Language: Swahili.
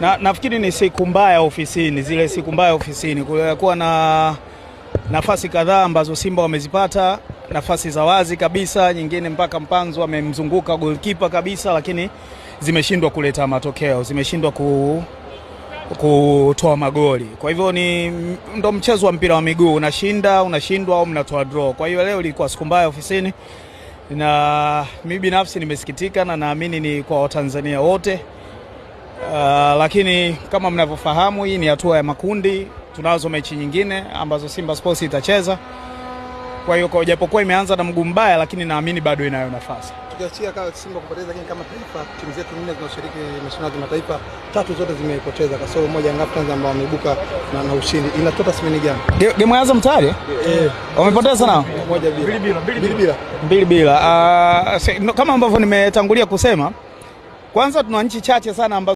Na nafikiri ni siku mbaya ofisini, zile siku mbaya ofisini, kulikuwa na nafasi kadhaa ambazo Simba wamezipata nafasi za wazi kabisa, nyingine mpaka mpanzo amemzunguka golkipa kabisa, lakini zimeshindwa kuleta matokeo, zimeshindwa ku kutoa magoli. Kwa hivyo ni ndo mchezo wa mpira wa miguu, unashinda unashindwa, au mnatoa draw. Kwa hiyo leo ilikuwa siku mbaya ofisini, na mimi binafsi nimesikitika, na naamini ni kwa Watanzania wote. Uh, lakini kama mnavyofahamu hii ni hatua ya makundi, tunazo mechi nyingine ambazo Simba Sports itacheza. Kwa hiyo kwa japokuwa imeanza na mguu mbaya, lakini naamini bado inayo nafasi. Tukiachia kama Simba kupoteza, lakini kama taifa, timu zetu nne zinashiriki mashindano ya kimataifa tatu zote zimepoteza, kwa sababu moja Yanga Africans ambao wameibuka na, na ushindi. Inatoka simeni gani game ya Azam tayari eh. wamepoteza nao moja bila mbili bila, mbili bila uh, kama ambavyo nimetangulia kusema, kwanza tuna nchi chache sana ambazo